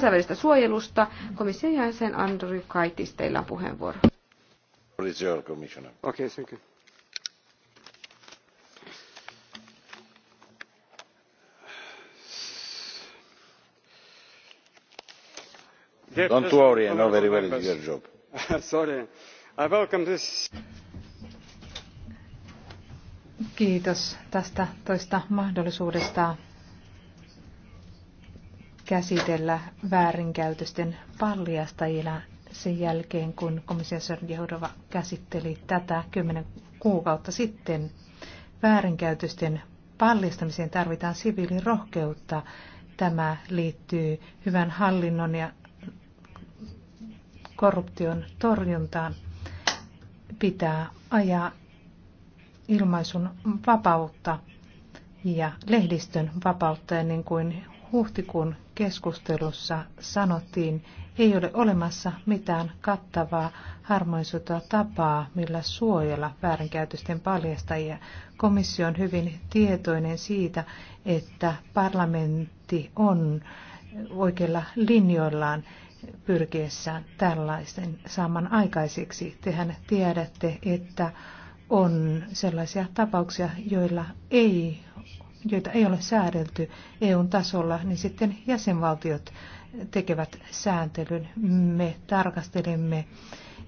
kansainvälistä suojelusta. Komission jäsen Andrew Kaitis, teillä on puheenvuoro. Okay, thank you. don't worry i know very well your job. Sorry. I welcome this. Kiitos tästä toista mahdollisuudesta käsitellä väärinkäytösten paljastajina sen jälkeen, kun komissiosar Jehdova käsitteli tätä kymmenen kuukautta sitten. Väärinkäytösten paljastamiseen tarvitaan siviilirohkeutta. Tämä liittyy hyvän hallinnon ja korruption torjuntaan. Pitää ajaa ilmaisun vapautta ja lehdistön vapautta, ja niin kuin huhtikuun keskustelussa sanottiin, ei ole olemassa mitään kattavaa harmoisuutta tapaa, millä suojella väärinkäytösten paljastajia. Komissio on hyvin tietoinen siitä, että parlamentti on oikeilla linjoillaan pyrkiessään tällaisen saaman aikaiseksi. Tehän tiedätte, että on sellaisia tapauksia, joilla ei joita ei ole säädelty EUn tasolla, niin sitten jäsenvaltiot tekevät sääntelyn. Me tarkastelemme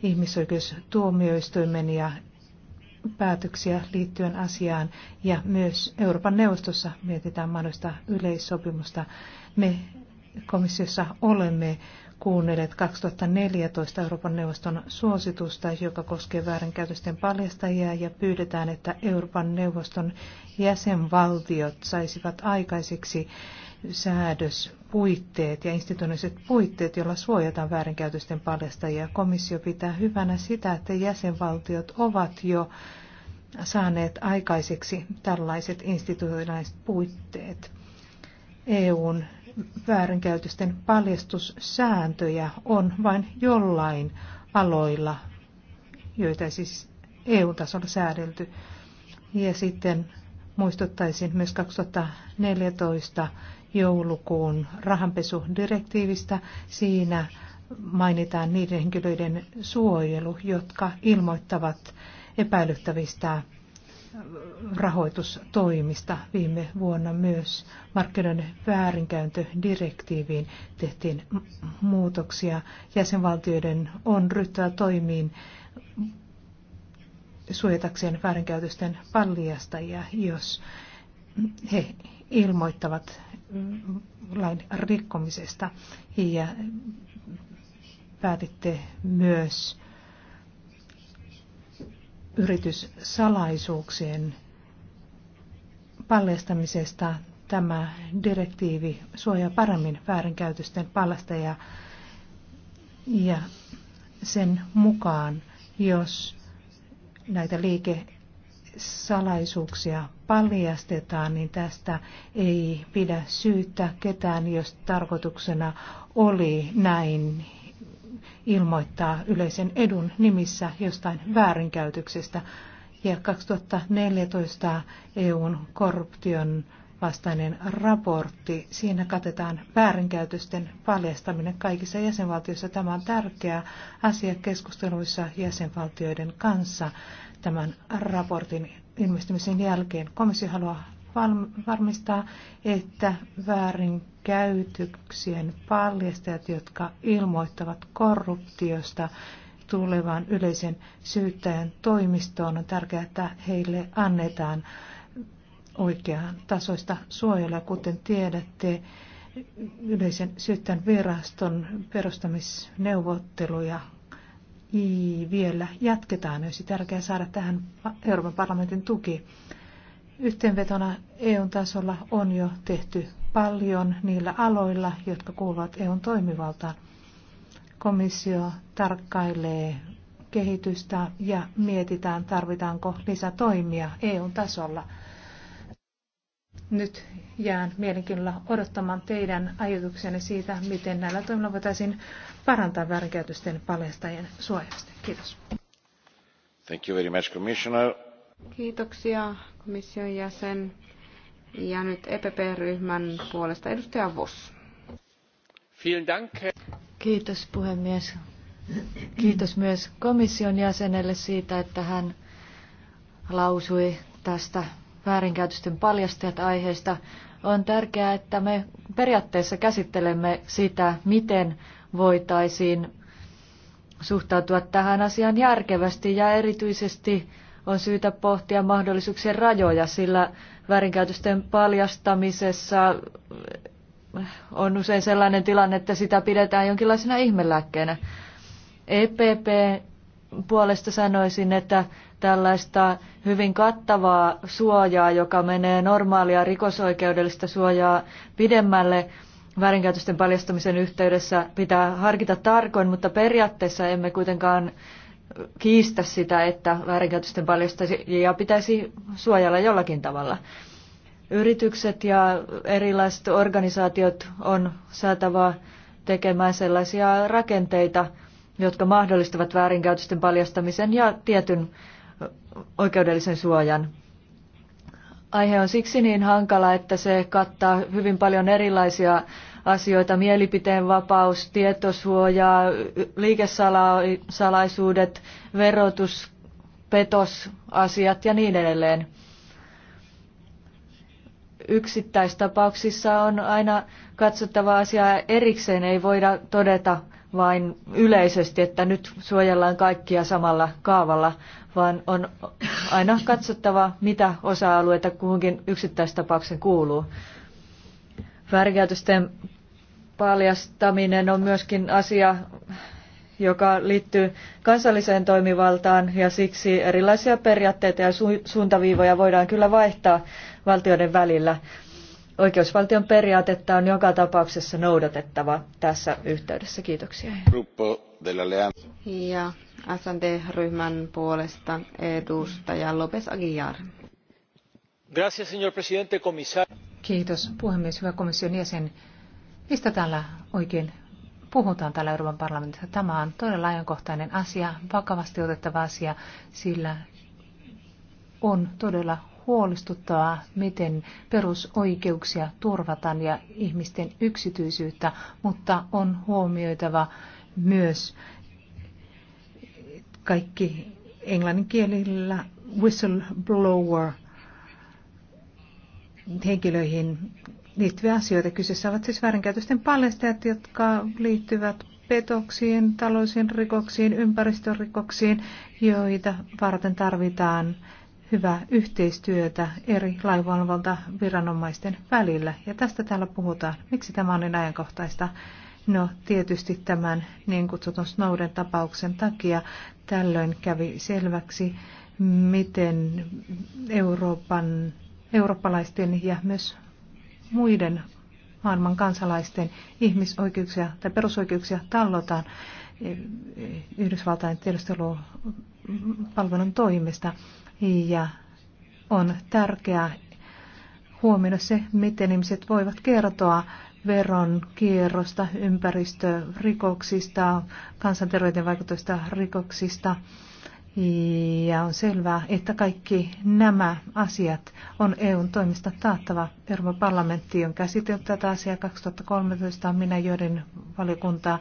ihmisoikeustuomioistuimen ja päätöksiä liittyen asiaan ja myös Euroopan neuvostossa mietitään mahdollista yleissopimusta. Me komissiossa olemme kuunnelleet 2014 Euroopan neuvoston suositusta, joka koskee väärinkäytösten paljastajia ja pyydetään, että Euroopan neuvoston jäsenvaltiot saisivat aikaiseksi säädöspuitteet ja institutionaaliset puitteet, joilla suojataan väärinkäytösten paljastajia. Komissio pitää hyvänä sitä, että jäsenvaltiot ovat jo saaneet aikaiseksi tällaiset institutionaaliset puitteet. EUn väärinkäytösten paljastussääntöjä on vain jollain aloilla, joita ei siis EU-tasolla säädelty. Ja sitten muistuttaisin myös 2014 joulukuun rahanpesudirektiivistä. Siinä mainitaan niiden henkilöiden suojelu, jotka ilmoittavat epäilyttävistä rahoitustoimista. Viime vuonna myös markkinoiden väärinkäyntödirektiiviin tehtiin muutoksia. Jäsenvaltioiden on ryhtyä toimiin suojatakseen väärinkäytösten paljastajia, jos he ilmoittavat lain rikkomisesta. Ja päätitte myös yrityssalaisuuksien paljastamisesta tämä direktiivi suojaa paremmin väärinkäytösten paljastajia. ja sen mukaan, jos näitä liikesalaisuuksia paljastetaan, niin tästä ei pidä syyttää ketään, jos tarkoituksena oli näin ilmoittaa yleisen edun nimissä jostain väärinkäytöksestä. Ja 2014 EUn korruption vastainen raportti. Siinä katetaan väärinkäytösten paljastaminen kaikissa jäsenvaltioissa. Tämä on tärkeä asia keskusteluissa jäsenvaltioiden kanssa tämän raportin ilmestymisen jälkeen. Komissio haluaa varmistaa, että väärinkäytöksien paljastajat, jotka ilmoittavat korruptiosta tulevan yleisen syyttäjän toimistoon, on tärkeää, että heille annetaan oikean tasoista suojelua. Kuten tiedätte, yleisen syyttäjän viraston perustamisneuvotteluja vielä jatketaan. Olisi tärkeää saada tähän Euroopan parlamentin tuki. Yhteenvetona EUn tasolla on jo tehty paljon niillä aloilla, jotka kuuluvat EUn toimivaltaan. Komissio tarkkailee kehitystä ja mietitään, tarvitaanko lisätoimia EUn tasolla. Nyt jään mielenkiinnolla odottamaan teidän ajatuksenne siitä, miten näillä toimilla voitaisiin parantaa väärinkäytösten paljastajien suojasta. Kiitos. Thank you very much, Commissioner. Kiitoksia komission jäsen. Ja nyt EPP-ryhmän puolesta edustaja Voss. Kiitos puhemies. Kiitos myös komission jäsenelle siitä, että hän lausui tästä väärinkäytösten paljastajat aiheesta. On tärkeää, että me periaatteessa käsittelemme sitä, miten voitaisiin suhtautua tähän asiaan järkevästi ja erityisesti on syytä pohtia mahdollisuuksien rajoja, sillä väärinkäytösten paljastamisessa on usein sellainen tilanne, että sitä pidetään jonkinlaisena ihmelääkkeenä. EPP puolesta sanoisin, että tällaista hyvin kattavaa suojaa, joka menee normaalia rikosoikeudellista suojaa pidemmälle väärinkäytösten paljastamisen yhteydessä, pitää harkita tarkoin, mutta periaatteessa emme kuitenkaan kiistä sitä, että väärinkäytösten ja pitäisi suojella jollakin tavalla. Yritykset ja erilaiset organisaatiot on saatava tekemään sellaisia rakenteita, jotka mahdollistavat väärinkäytösten paljastamisen ja tietyn oikeudellisen suojan. Aihe on siksi niin hankala, että se kattaa hyvin paljon erilaisia asioita, mielipiteenvapaus, tietosuoja, liikesalaisuudet, verotus, petosasiat ja niin edelleen. Yksittäistapauksissa on aina katsottava asiaa erikseen, ei voida todeta vain yleisesti, että nyt suojellaan kaikkia samalla kaavalla, vaan on aina katsottava, mitä osa-alueita kuhunkin yksittäistapaukseen kuuluu. Väärinkäytösten paljastaminen on myöskin asia, joka liittyy kansalliseen toimivaltaan ja siksi erilaisia periaatteita ja suuntaviivoja voidaan kyllä vaihtaa valtioiden välillä. Oikeusvaltion periaatetta on joka tapauksessa noudatettava tässä yhteydessä. Kiitoksia. Ja SND-ryhmän puolesta edustaja López Aguilar. Gracias, señor presidente, comisario. Kiitos puhemies, hyvä komission jäsen. Mistä täällä oikein puhutaan täällä Euroopan parlamentissa? Tämä on todella ajankohtainen asia, vakavasti otettava asia, sillä on todella huolestuttavaa, miten perusoikeuksia turvataan ja ihmisten yksityisyyttä, mutta on huomioitava myös kaikki englannin kielillä whistleblower henkilöihin liittyviä asioita. Kyseessä ovat siis väärinkäytösten paljastajat, jotka liittyvät petoksiin, taloudellisiin rikoksiin, ympäristörikoksiin, joita varten tarvitaan hyvää yhteistyötä eri lainvalvonta viranomaisten välillä. Ja tästä täällä puhutaan. Miksi tämä on niin ajankohtaista? No tietysti tämän niin kutsutun Snowden tapauksen takia tällöin kävi selväksi, miten Euroopan eurooppalaisten ja myös muiden maailman kansalaisten ihmisoikeuksia tai perusoikeuksia tallotaan e, e, Yhdysvaltain tiedustelupalvelun toimesta. Ja on tärkeää huomioida se, miten ihmiset voivat kertoa veronkierrosta, ympäristörikoksista, kansanterveyden vaikutusta rikoksista ja on selvää, että kaikki nämä asiat on EUn toimista taattava. Euroopan parlamentti on käsitellyt tätä asiaa 2013. Minä joiden valiokuntaa,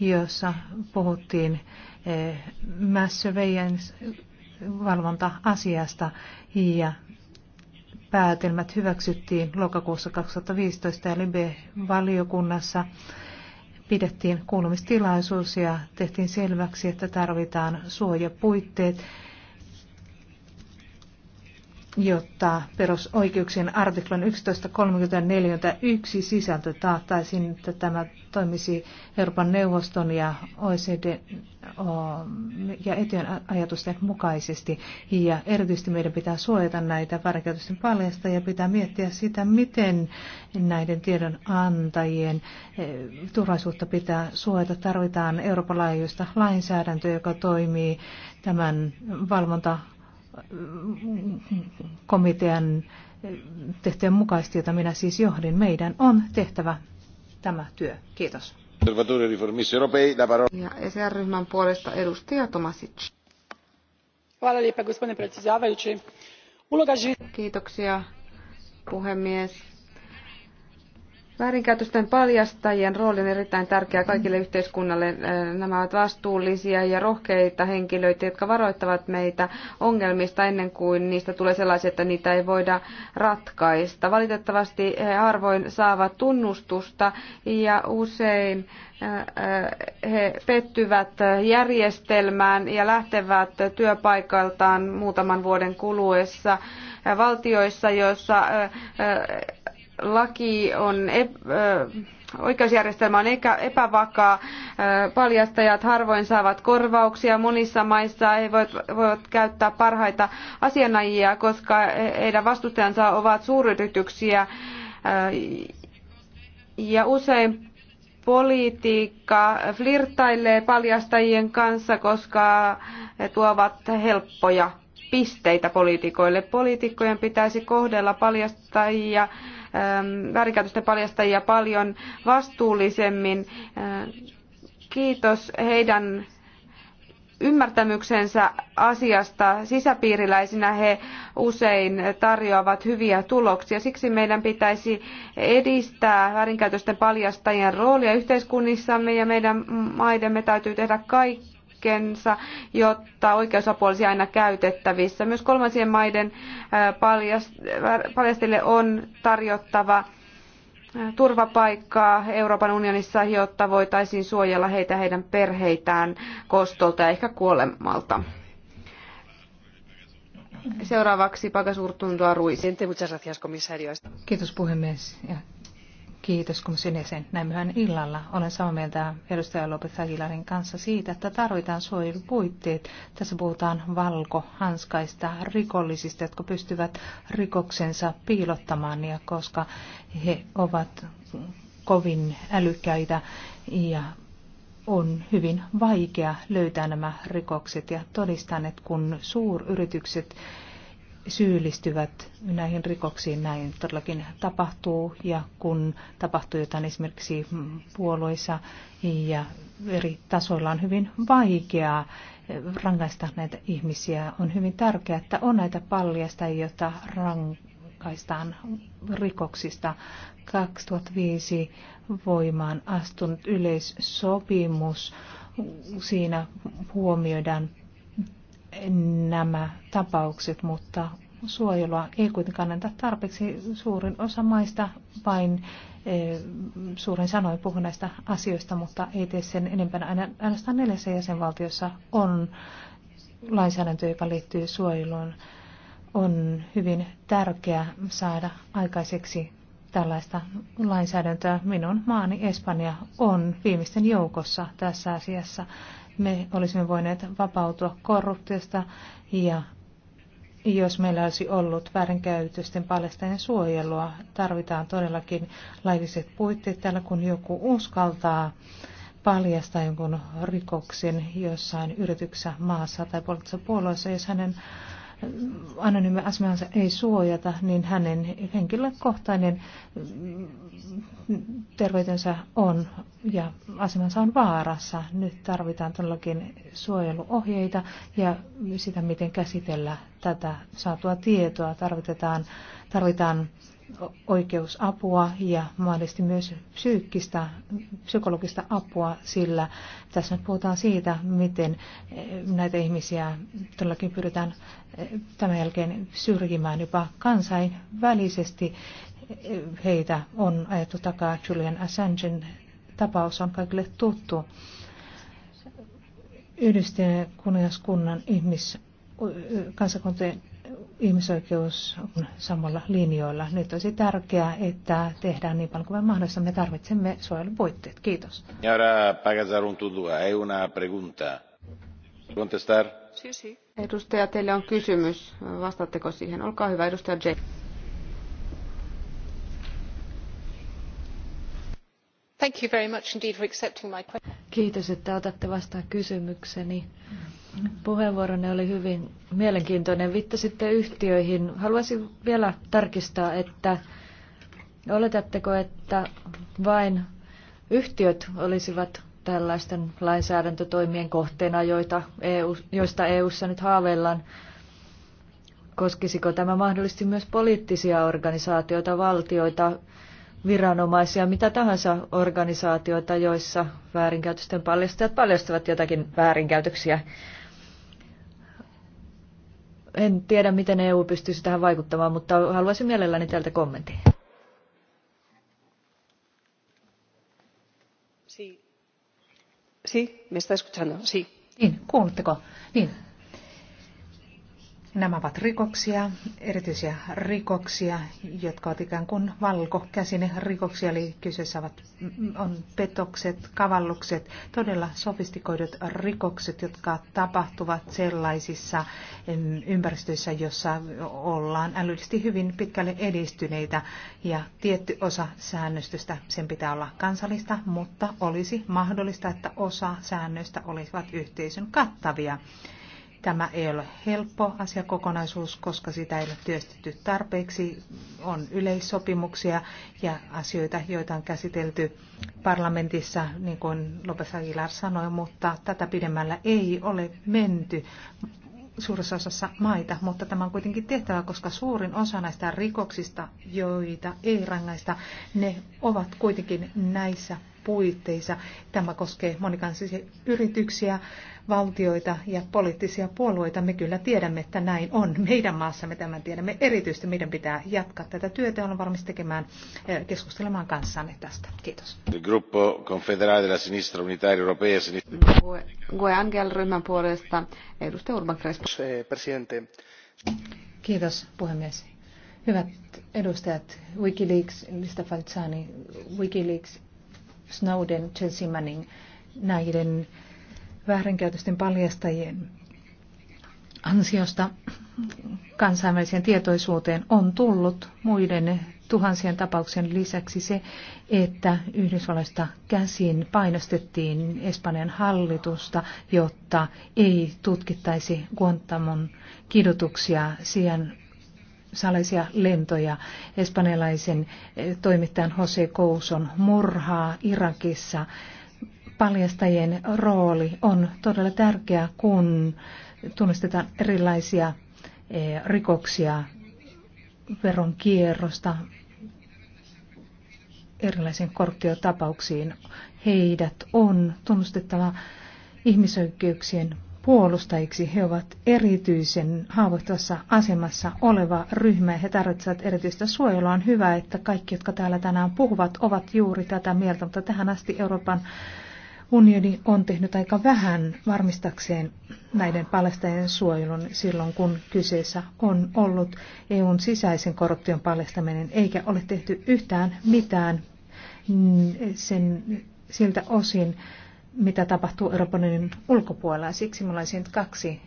jossa puhuttiin eh, mass surveillance valvonta-asiasta ja päätelmät hyväksyttiin lokakuussa 2015 ja Libe-valiokunnassa pidettiin kuulumistilaisuus ja tehtiin selväksi, että tarvitaan suojapuitteet jotta perusoikeuksien artiklan 11.34.1 sisältö taattaisiin, että tämä toimisi Euroopan neuvoston ja OECD ja etyön ajatusten mukaisesti. Ja erityisesti meidän pitää suojata näitä väärinkäytösten paljasta ja pitää miettiä sitä, miten näiden tiedonantajien eh, turvallisuutta pitää suojata. Tarvitaan Euroopan laajuista lainsäädäntöä, joka toimii tämän valvonta komitean tehtyjen mukaisesti, jota minä siis johdin. Meidän on tehtävä tämä työ. Kiitos. Ja ESR-ryhmän puolesta edustaja Tomasic. Kiitoksia puhemies Väärinkäytösten paljastajien rooli on erittäin tärkeä kaikille yhteiskunnalle. Äh, nämä ovat vastuullisia ja rohkeita henkilöitä, jotka varoittavat meitä ongelmista ennen kuin niistä tulee sellaisia, että niitä ei voida ratkaista. Valitettavasti he harvoin saavat tunnustusta ja usein äh, he pettyvät järjestelmään ja lähtevät työpaikaltaan muutaman vuoden kuluessa valtioissa, joissa äh, laki on oikeusjärjestelmä on epävakaa, paljastajat harvoin saavat korvauksia, monissa maissa he voivat, voivat käyttää parhaita asianajia, koska heidän vastustajansa ovat suuryrityksiä ja usein politiikka flirttailee paljastajien kanssa, koska he tuovat helppoja pisteitä poliitikoille. Poliitikkojen pitäisi kohdella paljastajia äh, Ähm, väärinkäytösten paljastajia paljon vastuullisemmin. Äh, kiitos heidän ymmärtämyksensä asiasta sisäpiiriläisinä he usein tarjoavat hyviä tuloksia. Siksi meidän pitäisi edistää väärinkäytösten paljastajien roolia yhteiskunnissamme ja meidän maidemme täytyy tehdä kaikki kaikkensa, jotta oikeusapu olisi aina käytettävissä. Myös kolmansien maiden paljastille on tarjottava turvapaikkaa Euroopan unionissa, jotta voitaisiin suojella heitä heidän perheitään kostolta ja ehkä kuolemalta. Seuraavaksi Pagasurtuntoa Ruiz. Kiitos puhemies ja Kiitos sinne sen Näin myöhään illalla olen samaa mieltä edustaja Lopez Aguilarin kanssa siitä, että tarvitaan suojelupuitteet. Tässä puhutaan valkohanskaista rikollisista, jotka pystyvät rikoksensa piilottamaan, ja koska he ovat kovin älykkäitä ja on hyvin vaikea löytää nämä rikokset ja todistaa, että kun suuryritykset syyllistyvät näihin rikoksiin. Näin todellakin tapahtuu ja kun tapahtuu jotain esimerkiksi puolueissa ja eri tasoilla on hyvin vaikeaa rangaista näitä ihmisiä. On hyvin tärkeää, että on näitä paljasta, joita rankaistaan rikoksista. 2005 voimaan astunut yleissopimus, siinä huomioidaan nämä tapaukset, mutta suojelua ei kuitenkaan anneta tarpeeksi. Suurin osa maista vain eh, suurin sanoin puhun näistä asioista, mutta ei tee sen enempää. Ainoastaan neljässä jäsenvaltiossa on lainsäädäntö, joka liittyy suojeluun. On hyvin tärkeää saada aikaiseksi tällaista lainsäädäntöä. Minun maani Espanja on viimeisten joukossa tässä asiassa me olisimme voineet vapautua korruptiosta ja jos meillä olisi ollut väärinkäytösten palestajien suojelua, tarvitaan todellakin lailliset puitteet täällä, kun joku uskaltaa paljastaa jonkun rikoksen jossain yrityksessä, maassa tai poliittisessa puolueessa, jos hänen anonyymi asemansa ei suojata, niin hänen henkilökohtainen terveytensä on ja asemansa on vaarassa. Nyt tarvitaan todellakin suojeluohjeita ja sitä, miten käsitellä tätä saatua tietoa. Tarvitaan, tarvitaan oikeusapua ja mahdollisesti myös psyykkistä, psykologista apua, sillä tässä nyt puhutaan siitä, miten eh, näitä ihmisiä todellakin pyritään eh, tämän jälkeen syrjimään jopa kansainvälisesti. Eh, heitä on ajettu takaa Julian Assangen tapaus on kaikille tuttu. Yhdistyneen kuningaskunnan ihmis, kansakuntien ihmisoikeus on samalla linjoilla. Nyt olisi tärkeää, että tehdään niin paljon kuin mahdollista. Me tarvitsemme suojelupuitteet. Kiitos. Señora Pagazarun tutua. hay una pregunta. Contestar? Sí, sí. Edustaja, teille on kysymys. Vastaatteko siihen? Olkaa hyvä, edustaja J. Thank you very much indeed for accepting my question. Kiitos, että otatte vastaan kysymykseni. Mm Puheenvuoronne oli hyvin mielenkiintoinen. Viittasitte yhtiöihin. Haluaisin vielä tarkistaa, että oletatteko, että vain yhtiöt olisivat tällaisten lainsäädäntötoimien kohteena, joita EU, joista EUssa nyt haaveillaan? Koskisiko tämä mahdollisesti myös poliittisia organisaatioita, valtioita, viranomaisia, mitä tahansa organisaatioita, joissa väärinkäytösten paljastajat paljastavat jotakin väärinkäytöksiä? En tiedä, miten EU pystyisi tähän vaikuttamaan, mutta haluaisin mielelläni tältä kommentin. Sí. Sí, me está escuchando. Sí. Niin, kuulutteko? Niin, Nämä ovat rikoksia, erityisiä rikoksia, jotka ovat ikään kuin valkokäsine rikoksia, eli kyseessä ovat, on petokset, kavallukset, todella sofistikoidut rikokset, jotka tapahtuvat sellaisissa ympäristöissä, jossa ollaan älyllisesti hyvin pitkälle edistyneitä, ja tietty osa säännöstöstä, sen pitää olla kansallista, mutta olisi mahdollista, että osa säännöistä olisivat yhteisön kattavia. Tämä ei ole helppo asiakokonaisuus, koska sitä ei ole työstetty tarpeeksi. On yleissopimuksia ja asioita, joita on käsitelty parlamentissa, niin kuin Lopes Aguilar sanoi, mutta tätä pidemmällä ei ole menty suuressa osassa maita, mutta tämä on kuitenkin tehtävä, koska suurin osa näistä rikoksista, joita ei rangaista, ne ovat kuitenkin näissä puitteissa. Tämä koskee monikansallisia yrityksiä, valtioita ja poliittisia puolueita. Me kyllä tiedämme, että näin on. Meidän maassamme tämän tiedämme. Erityisesti meidän pitää jatkaa tätä työtä. Olen valmis tekemään eh, keskustelemaan kanssanne tästä. Kiitos. gruppo confederale della sinistra unitaria europea. E Gue Angel ryhmän puolesta edustaja Urban Crespo. Kiitos eh, puhemies. Hyvät edustajat, Wikileaks, Lista Falzani, Wikileaks, Snowden, Chelsea Manning, näiden väärinkäytösten paljastajien ansiosta kansainväliseen tietoisuuteen on tullut muiden tuhansien tapauksien lisäksi se, että Yhdysvalloista käsin painostettiin Espanjan hallitusta, jotta ei tutkittaisi Guantamon kidutuksia siihen salaisia lentoja, espanjalaisen eh, toimittajan Jose Couson murhaa Irakissa, paljastajien rooli on todella tärkeä, kun tunnistetaan erilaisia eh, rikoksia veronkierrosta erilaisiin korruptiotapauksiin. Heidät on tunnustettava ihmisoikeuksien puolustajiksi. He ovat erityisen haavoittuvassa asemassa oleva ryhmä he tarvitsevat erityistä suojelua. On hyvä, että kaikki, jotka täällä tänään puhuvat, ovat juuri tätä mieltä, mutta tähän asti Euroopan unioni on tehnyt aika vähän varmistakseen näiden paljastajien suojelun silloin, kun kyseessä on ollut EUn sisäisen korruption paljastaminen, eikä ole tehty yhtään mitään sen, siltä osin, mitä tapahtuu Euroopan unionin ulkopuolella. Siksi minulla olisi kaksi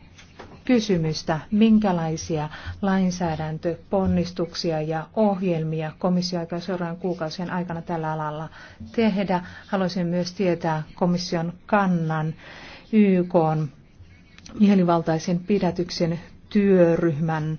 kysymystä, minkälaisia lainsäädäntöponnistuksia ja ohjelmia komissio aikaa seuraavan kuukausien aikana tällä alalla tehdä. Haluaisin myös tietää komission kannan YK mielivaltaisen pidätyksen työryhmän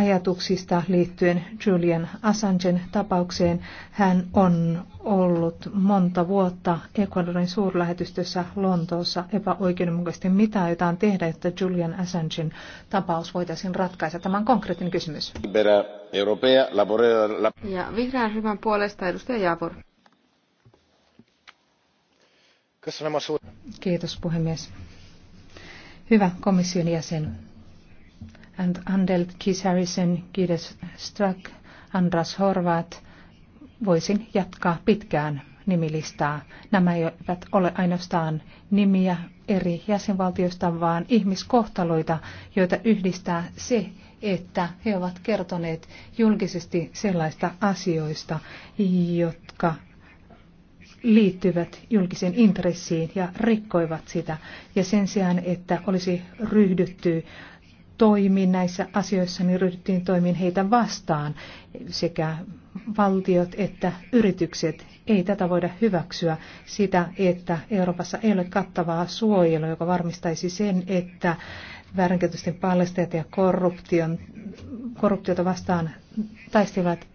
ajatuksista liittyen Julian Assangen tapaukseen. Hän on ollut monta vuotta Ecuadorin suurlähetystössä Lontoossa epäoikeudenmukaisesti. Mitä aiotaan tehdä, että Julian Assangen tapaus voitaisiin ratkaista? Tämä on konkreettinen kysymys. Ja vihreän ryhmän puolesta edustaja Javor. Kiitos puhemies. Hyvä komission jäsen and Andel Kisarisen, Gides Strack, Andras Horvat. Voisin jatkaa pitkään nimilistaa. Nämä eivät ole ainoastaan nimiä eri jäsenvaltioista, vaan ihmiskohtaloita, joita yhdistää se, että he ovat kertoneet julkisesti sellaista asioista, jotka liittyvät julkisen intressiin ja rikkoivat sitä. Ja sen sijaan, että olisi ryhdytty toimi näissä asioissa, niin ryhdyttiin toimiin heitä vastaan sekä valtiot että yritykset. Ei tätä voida hyväksyä sitä, että Euroopassa ei ole kattavaa suojelua, joka varmistaisi sen, että väärinkäytösten paljastajat ja korruption, korruptiota vastaan taistelevat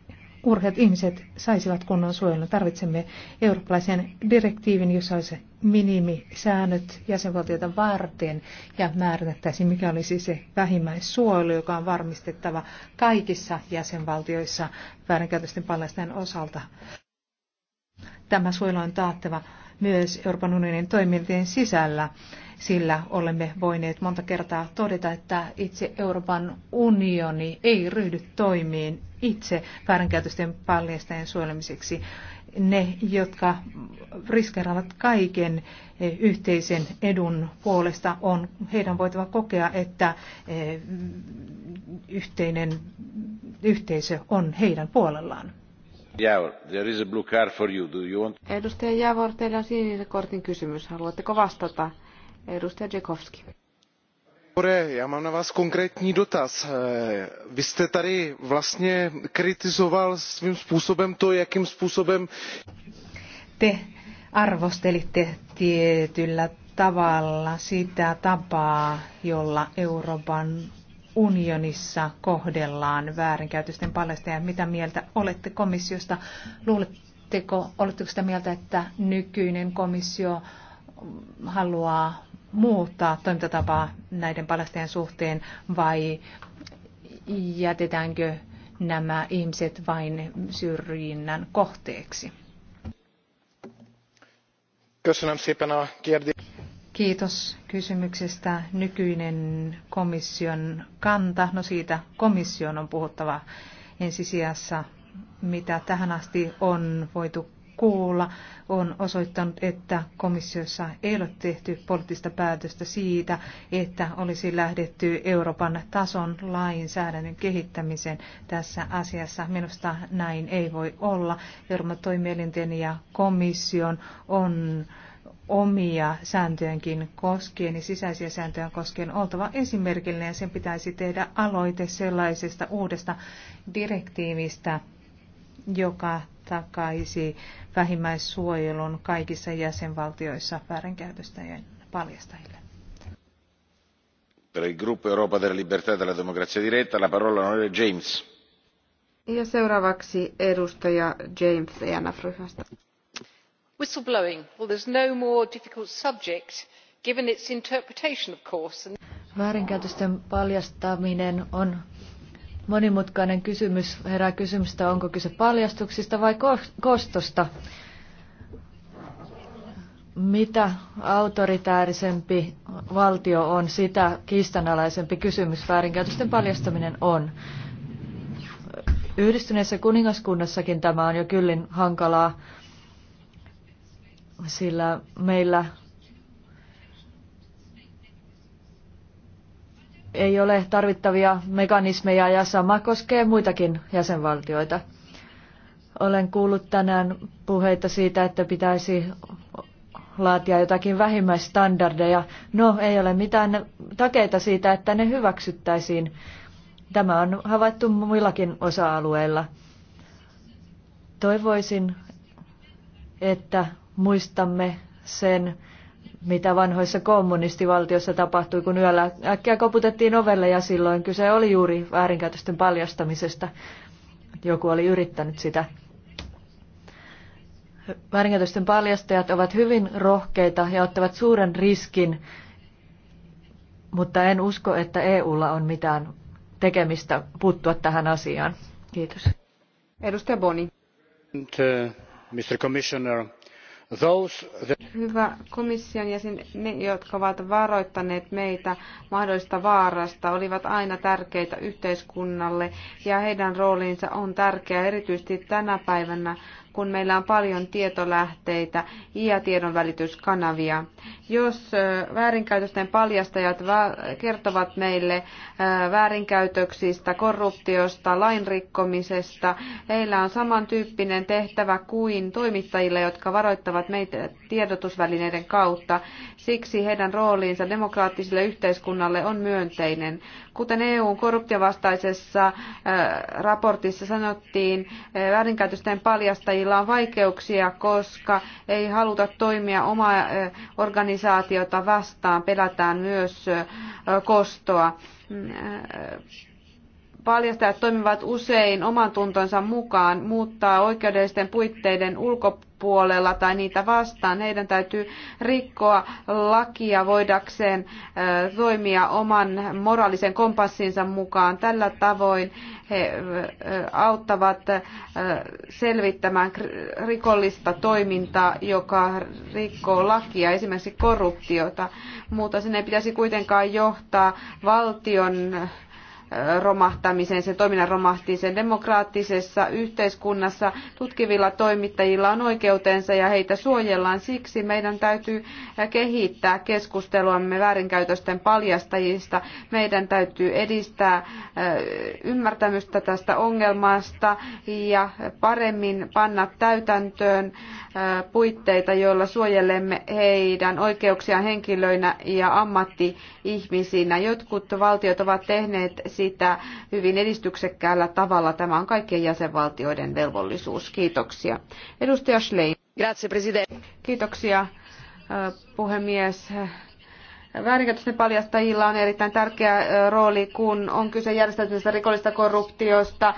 urheat ihmiset saisivat kunnon suojelun. Tarvitsemme eurooppalaisen direktiivin, jossa olisi minimisäännöt jäsenvaltioita varten ja määrätettäisiin, mikä olisi se vähimmäissuojelu, joka on varmistettava kaikissa jäsenvaltioissa väärinkäytösten paljastajan osalta. Tämä suojelu on taattava myös Euroopan unionin toimintien sisällä, sillä olemme voineet monta kertaa todeta, että itse Euroopan unioni ei ryhdy toimiin itse väärinkäytösten paljastajien suojelemiseksi ne, jotka riskeraavat kaiken eh, yhteisen edun puolesta, on heidän voitava kokea, että eh, yhteinen yhteisö on heidän puolellaan. Javor, there is a blue card for you. Do you want... Edustaja Javor, teillä on sininen kortin kysymys. Haluatteko vastata? Edustaja Tchaikovsky já mám na vás konkrétní dotaz. Eh, vy jste tady vlastně kritizoval svým způsobem to jakým způsobem. te arvostelitte tietyllä tavalla sitä tapaa jolla euroopan unionissa kohdellaan väärinkäytösten paljastajia. Mitä mieltä olette komissiosta? Luuletteko, oletteko sitä mieltä, että nykyinen komissio haluaa muuttaa toimintatapaa näiden palastajien suhteen vai jätetäänkö nämä ihmiset vain syrjinnän kohteeksi? Kiitos kysymyksestä. Nykyinen komission kanta, no siitä komission on puhuttava ensisijassa, mitä tähän asti on voitu kuulla, on osoittanut, että komissiossa ei ole tehty poliittista päätöstä siitä, että olisi lähdetty Euroopan tason lainsäädännön kehittämiseen tässä asiassa. Minusta näin ei voi olla. Euroopan toimielinten ja komission on omia sääntöjenkin koskien ja niin sisäisiä sääntöjä koskien oltava esimerkillinen ja sen pitäisi tehdä aloite sellaisesta uudesta direktiivistä, joka takaisi vähimmäissuojelun kaikissa jäsenvaltioissa väärinkäytösten paljastajille. Per il gruppo Europa della Libertà e della Democrazia Diretta la parola onorevole James. Ja seuraavaksi edustaja James ENF-ryhmästä. Whistleblowing. Well, there's no more difficult subject given its interpretation, of course. Väärinkäytösten paljastaminen on monimutkainen kysymys. Herää kysymystä, onko kyse paljastuksista vai kostosta. Mitä autoritäärisempi valtio on, sitä kiistanalaisempi kysymys väärinkäytösten paljastaminen on. Yhdistyneessä kuningaskunnassakin tämä on jo kyllin hankalaa, sillä meillä ei ole tarvittavia mekanismeja ja sama koskee muitakin jäsenvaltioita. Olen kuullut tänään puheita siitä, että pitäisi laatia jotakin vähimmäistandardeja. No, ei ole mitään takeita siitä, että ne hyväksyttäisiin. Tämä on havaittu muillakin osa-alueilla. Toivoisin, että muistamme sen, mitä vanhoissa kommunistivaltiossa tapahtui, kun yöllä äkkiä koputettiin ovelle ja silloin kyse oli juuri väärinkäytösten paljastamisesta. Joku oli yrittänyt sitä. Väärinkäytösten paljastajat ovat hyvin rohkeita ja ottavat suuren riskin, mutta en usko, että EUlla on mitään tekemistä puuttua tähän asiaan. Kiitos. Edustaja Boni. Mr. Commissioner, Hyvä komission jäsen, ne, jotka ovat varoittaneet meitä mahdollista vaarasta, olivat aina tärkeitä yhteiskunnalle ja heidän roolinsa on tärkeä erityisesti tänä päivänä, kun meillä on paljon tietolähteitä ja tiedonvälityskanavia. Jos väärinkäytösten paljastajat kertovat meille väärinkäytöksistä, korruptiosta, lainrikkomisesta, heillä on samantyyppinen tehtävä kuin toimittajilla, jotka varoittavat meitä tiedotusvälineiden kautta. Siksi heidän roolinsa demokraattiselle yhteiskunnalle on myönteinen. Kuten EUn korruptiovastaisessa äh, raportissa sanottiin, äh, väärinkäytösten paljastajilla on vaikeuksia, koska ei haluta toimia omaa äh, organisaatiota vastaan, pelätään myös kostoa mm, paljastajat toimivat usein oman tuntonsa mukaan, mutta oikeudellisten puitteiden ulkopuolella puolella tai niitä vastaan. Heidän täytyy rikkoa lakia voidakseen toimia oman moraalisen kompassinsa mukaan. Tällä tavoin he auttavat selvittämään rikollista toimintaa, joka rikkoo lakia, esimerkiksi korruptiota. mutta sen ei pitäisi kuitenkaan johtaa valtion romahtamiseen, sen toiminnan romahtiseen. Demokraattisessa yhteiskunnassa tutkivilla toimittajilla on oikeutensa ja heitä suojellaan. Siksi meidän täytyy kehittää keskusteluamme väärinkäytösten paljastajista. Meidän täytyy edistää eh, ymmärtämystä tästä ongelmasta ja paremmin panna täytäntöön eh, puitteita, joilla suojelemme heidän oikeuksiaan henkilöinä ja ammatti-ihmisinä. Jotkut valtiot ovat tehneet sitä hyvin edistyksekkäällä tavalla. Tämä on kaikkien jäsenvaltioiden velvollisuus. Kiitoksia. Edustaja Schlein. Grazie, Kiitoksia puhemies Väärinkäytösten paljastajilla on erittäin tärkeä rooli, kun on kyse järjestäytymisestä rikollista korruptiosta,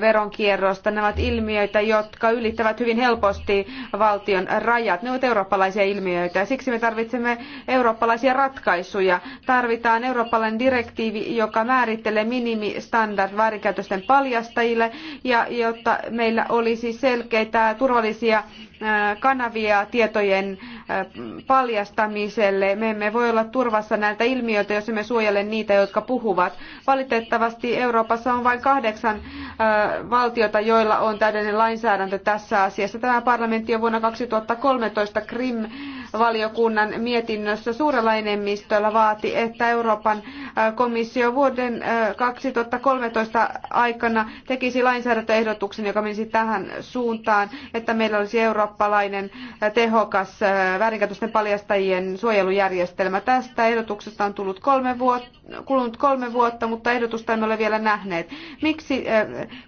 veronkierrosta. Nämä ovat ilmiöitä, jotka ylittävät hyvin helposti valtion rajat. Ne ovat eurooppalaisia ilmiöitä ja siksi me tarvitsemme eurooppalaisia ratkaisuja. Tarvitaan eurooppalainen direktiivi, joka määrittelee minimistandard väärinkäytösten paljastajille ja jotta meillä olisi selkeitä turvallisia Äh, kanavia tietojen äh, paljastamiselle. Me emme voi olla turvassa näiltä ilmiöiltä, jos emme suojele niitä, jotka puhuvat. Valitettavasti Euroopassa on vain kahdeksan äh, valtiota, joilla on täydellinen lainsäädäntö tässä asiassa. Tämä parlamentti on vuonna 2013 Krim valiokunnan mietinnössä suurella enemmistöllä vaati, että Euroopan komissio vuoden 2013 aikana tekisi lainsäädäntöehdotuksen, joka menisi tähän suuntaan, että meillä olisi eurooppalainen tehokas väärinkäytösten paljastajien suojelujärjestelmä. Tästä ehdotuksesta on tullut kolme vuotta, kulunut kolme vuotta, mutta ehdotusta emme ole vielä nähneet. Miksi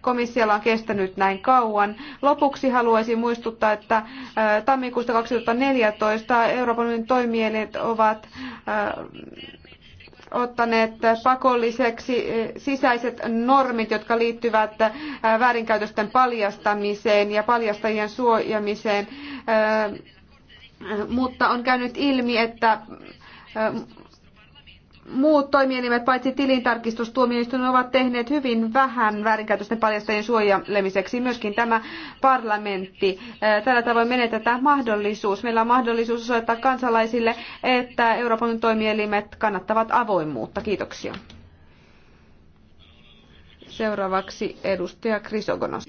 komissiolla on kestänyt näin kauan? Lopuksi haluaisin muistuttaa, että tammikuusta 2014 mutta Euroopan unionin toimielet ovat äh, ottaneet pakolliseksi äh, sisäiset normit, jotka liittyvät äh, väärinkäytösten paljastamiseen ja paljastajien suojamiseen. Mutta on käynyt ilmi, että muut toimielimet paitsi tilintarkistustuomioistuin ovat tehneet hyvin vähän väärinkäytösten paljastajien suojelemiseksi, myöskin tämä parlamentti. Tällä tavoin menetetään mahdollisuus. Meillä on mahdollisuus osoittaa kansalaisille, että Euroopan toimielimet kannattavat avoimuutta. Kiitoksia. Seuraavaksi edustaja Krisogonos.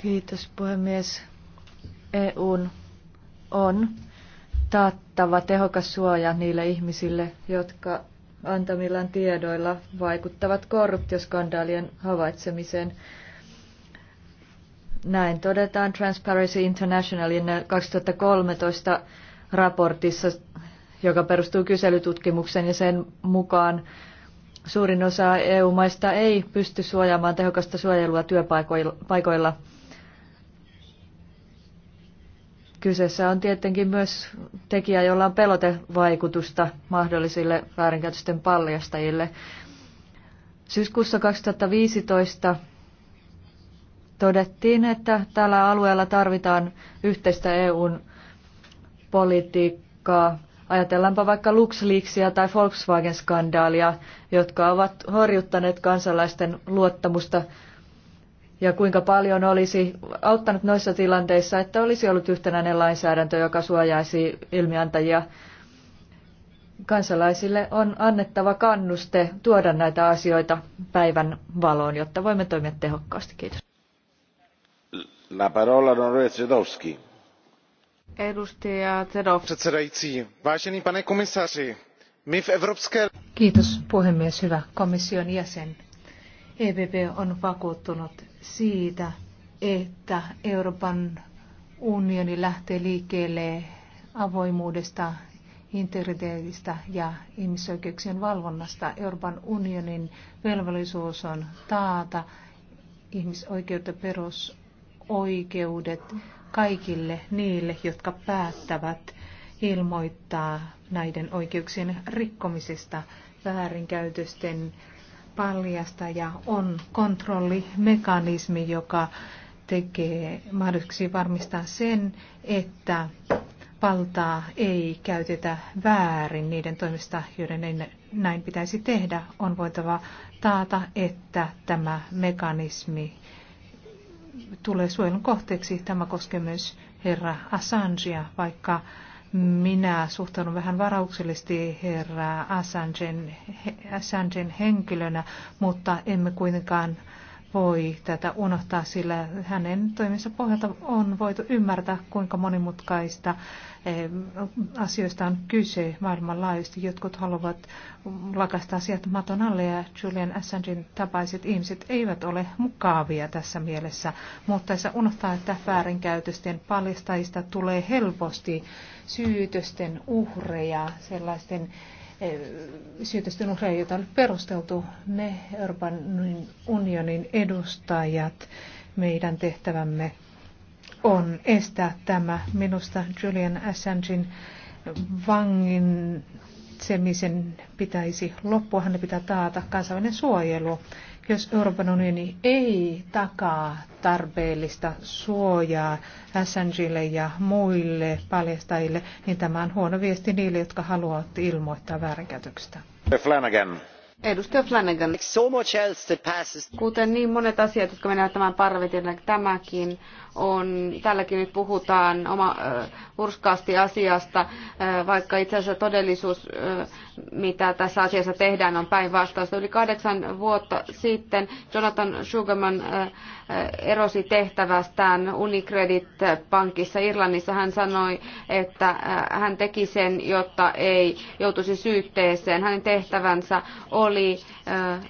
Kiitos puhemies. EUn on taattava tehokas suoja niille ihmisille, jotka antamillaan tiedoilla vaikuttavat korruptioskandaalien havaitsemiseen. Näin todetaan Transparency Internationalin 2013 raportissa, joka perustuu kyselytutkimukseen ja sen mukaan suurin osa EU-maista ei pysty suojaamaan tehokasta suojelua työpaikoilla. Kyseessä on tietenkin myös tekijä, jolla on pelotevaikutusta mahdollisille väärinkäytösten paljastajille. Syyskuussa 2015 todettiin, että tällä alueella tarvitaan yhteistä EUn politiikkaa. Ajatellaanpa vaikka LuxLeaksia tai Volkswagen-skandaalia, jotka ovat horjuttaneet kansalaisten luottamusta ja kuinka paljon olisi auttanut noissa tilanteissa, että olisi ollut yhtenäinen lainsäädäntö, joka suojaisi ilmiantajia. Kansalaisille on annettava kannuste tuoda näitä asioita päivän valoon, jotta voimme toimia tehokkaasti. Kiitos. La parola onorevole Zedowski. Edustaja Zedowski. vážený pane komisaři, my v Evropské... Kiitos puhemies, hyvä komission jäsen EPP on vakuuttunut siitä, että Euroopan unioni lähtee liikkeelle avoimuudesta, integriteetistä ja ihmisoikeuksien valvonnasta. Euroopan unionin velvollisuus on taata ihmisoikeudet ja perusoikeudet kaikille niille, jotka päättävät ilmoittaa näiden oikeuksien rikkomisesta, väärinkäytösten paljastaja on kontrollimekanismi, joka tekee mahdolliseksi varmistaa sen, että valtaa ei käytetä väärin niiden toimista, joiden ei näin pitäisi tehdä. On voitava taata, että tämä mekanismi tulee suojelun kohteeksi. Tämä koskee myös herra Assangea, vaikka minä suhtaudun vähän varauksellisesti herra Assangen, Assangen henkilönä, mutta emme kuitenkaan voi tätä unohtaa, sillä hänen toimissa pohjalta on voitu ymmärtää, kuinka monimutkaista eh, asioista on kyse maailmanlaajuisesti. Jotkut haluavat lakasta asiat maton alle ja Julian Assangein tapaiset ihmiset eivät ole mukavia tässä mielessä, mutta se unohtaa, että väärinkäytösten paljastajista tulee helposti syytösten uhreja, sellaisten syytösten uhreja, joita oli perusteltu me Euroopan unionin edustajat. Meidän tehtävämme on estää tämä minusta Julian Assangein vangin semisen pitäisi loppua, hän pitää taata kansainvälinen suojelu jos Euroopan unioni ei takaa tarpeellista suojaa Assangeille ja muille paljastajille, niin tämä on huono viesti niille, jotka haluavat ilmoittaa väärinkäytöksistä. Flanagan. Edustaja Flanagan. Kuten niin monet asiat, jotka menevät tämän parvetin, niin tämäkin on, tälläkin nyt puhutaan oma, äh, asiasta, äh, vaikka itse asiassa todellisuus, äh, mitä tässä asiassa tehdään, on päinvastaista. Yli kahdeksan vuotta sitten Jonathan Sugarman äh, erosi tehtävästään Unicredit-pankissa Irlannissa. Hän sanoi, että äh, hän teki sen, jotta ei joutuisi syytteeseen. Hänen tehtävänsä oli äh,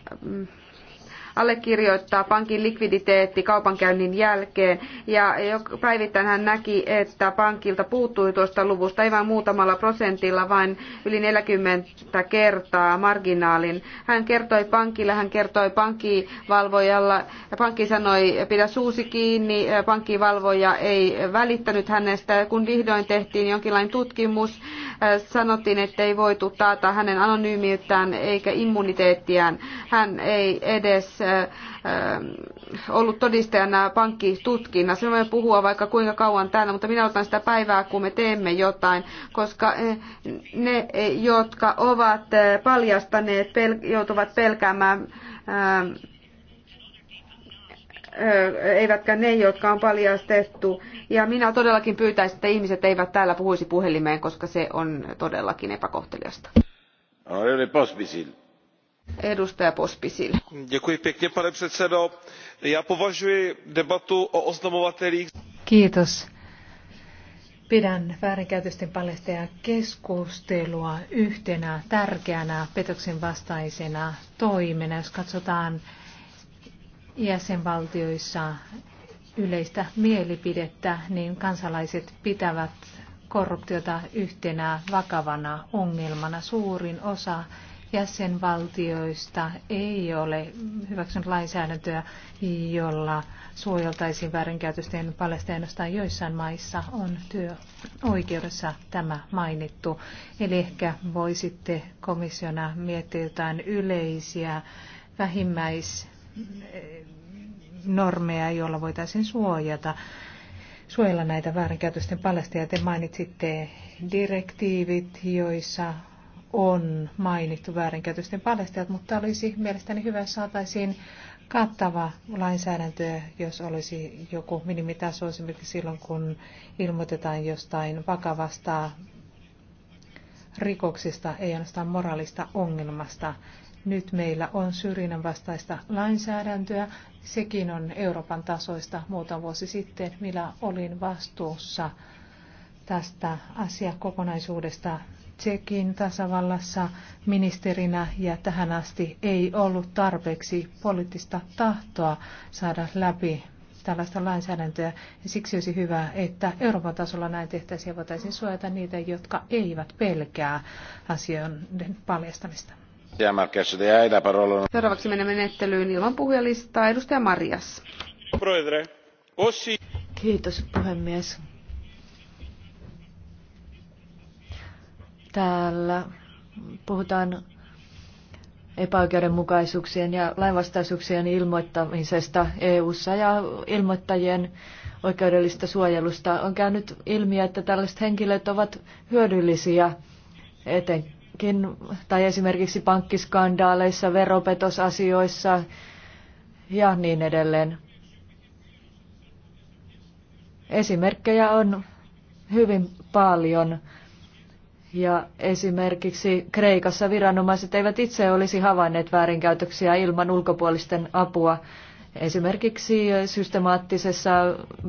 allekirjoittaa pankin likviditeetti kaupankäynnin jälkeen. Ja päivittäin hän näki, että pankilta puuttui tuosta luvusta ei vain muutamalla prosentilla, vaan yli 40 kertaa marginaalin. Hän kertoi pankille, hän kertoi pankkivalvojalla. Pankki sanoi, pidä suusi kiinni, pankkivalvoja ei välittänyt hänestä. Kun vihdoin tehtiin jonkinlainen tutkimus, sanottiin, että ei voitu taata hänen anonyymiyttään eikä immuniteettiään. Hän ei edes Äh, äh, ollut todistajana pankkitutkinnassa. Me voimme puhua vaikka kuinka kauan täällä, mutta minä otan sitä päivää, kun me teemme jotain, koska äh, ne, jotka ovat paljastaneet, joutuvat pelkäämään eivätkä ne, jotka on paljastettu. Ja minä todellakin pyytäisin, että ihmiset eivät täällä puhuisi puhelimeen, koska se on todellakin epäkohteliasta. Honorable Pospisil Edustaja Pospisil. Děkuji pane předsedo. Já považuji debatu o oznamovatelích... Kiitos. Pidän väärinkäytösten paljastajaa keskustelua yhtenä tärkeänä petoksen vastaisena toimena, jos katsotaan jäsenvaltioissa yleistä mielipidettä, niin kansalaiset pitävät korruptiota yhtenä vakavana ongelmana. Suurin osa jäsenvaltioista ei ole hyväksynyt lainsäädäntöä, jolla suojeltaisiin väärinkäytösten paljasta ainoastaan joissain maissa on työoikeudessa tämä mainittu. Eli ehkä voisitte komissiona miettiä jotain yleisiä vähimmäisnormeja, joilla voitaisiin suojata suojella näitä väärinkäytösten paljastajia. Te mainitsitte direktiivit, joissa on mainittu väärinkäytösten paljastajat, mutta olisi mielestäni hyvä, jos saataisiin kattava lainsäädäntö, jos olisi joku minimitaso esimerkiksi silloin, kun ilmoitetaan jostain vakavasta rikoksista, ei ainoastaan moraalista ongelmasta. Nyt meillä on syrjinnän vastaista lainsäädäntöä. Sekin on Euroopan tasoista muutama vuosi sitten, millä olin vastuussa tästä asiakokonaisuudesta Tsekin tasavallassa ministerinä ja tähän asti ei ollut tarpeeksi poliittista tahtoa saada läpi tällaista lainsäädäntöä. Ja siksi olisi hyvä, että Euroopan tasolla näin tehtäisiin ja voitaisiin suojata niitä, jotka eivät pelkää asioiden paljastamista. Seuraavaksi menemme menettelyyn ilman puhujalistaa. Edustaja Marias. Kiitos puhemies Täällä puhutaan epäoikeudenmukaisuuksien ja lainvastaisuuksien ilmoittamisesta EU-ssa ja ilmoittajien oikeudellista suojelusta. On käynyt ilmi, että tällaiset henkilöt ovat hyödyllisiä etenkin tai esimerkiksi pankkiskandaaleissa, veropetosasioissa ja niin edelleen. Esimerkkejä on hyvin paljon ja esimerkiksi Kreikassa viranomaiset eivät itse olisi havainneet väärinkäytöksiä ilman ulkopuolisten apua, esimerkiksi systemaattisessa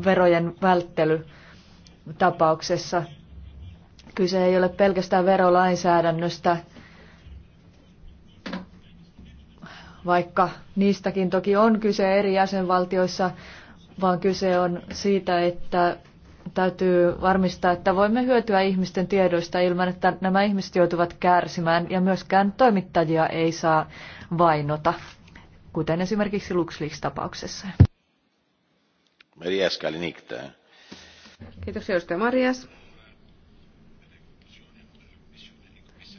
verojen välttelytapauksessa. Kyse ei ole pelkästään verolainsäädännöstä, vaikka niistäkin toki on kyse eri jäsenvaltioissa, vaan kyse on siitä, että täytyy varmistaa, että voimme hyötyä ihmisten tiedoista ilman, että nämä ihmiset joutuvat kärsimään ja myöskään toimittajia ei saa vainota, kuten esimerkiksi LuxLeaks-tapauksessa. Marias Kalinikta. Kiitoksia, edustaja Marias.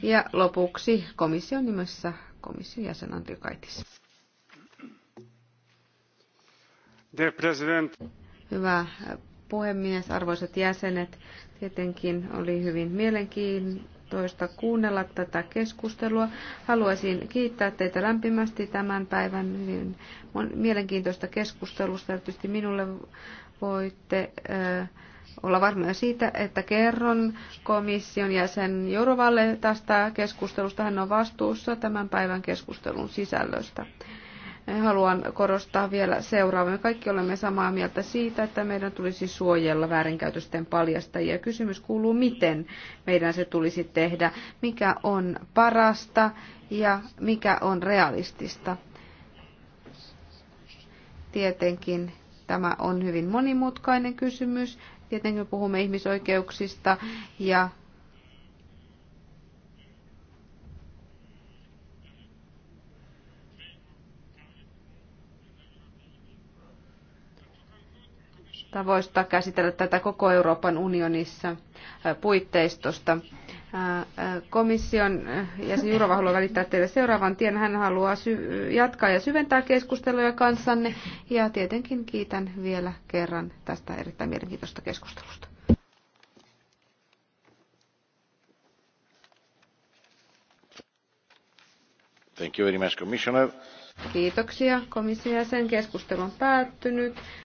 Ja lopuksi komission nimessä komission jäsen Andri Kaitis. Hyvä puhemies, arvoisat jäsenet. Tietenkin oli hyvin mielenkiintoista kuunnella tätä keskustelua. Haluaisin kiittää teitä lämpimästi tämän päivän hyvin mielenkiintoista keskustelusta. Tietysti minulle voitte olla varmoja siitä, että kerron komission jäsen Jorovalle tästä keskustelusta. Hän on vastuussa tämän päivän keskustelun sisällöstä haluan korostaa vielä seuraavaa. Me kaikki olemme samaa mieltä siitä, että meidän tulisi suojella väärinkäytösten paljastajia. Kysymys kuuluu, miten meidän se tulisi tehdä, mikä on parasta ja mikä on realistista. Tietenkin tämä on hyvin monimutkainen kysymys. Tietenkin puhumme ihmisoikeuksista ja tavoista käsitellä tätä koko Euroopan unionissa puitteistosta. Komission jäsen Jurova haluaa välittää teille seuraavan tien. Hän haluaa jatkaa ja syventää keskusteluja kanssanne. Ja tietenkin kiitän vielä kerran tästä erittäin mielenkiintoista keskustelusta. Thank you very much, Commissioner. Kiitoksia. Komission jäsen keskustelu on päättynyt.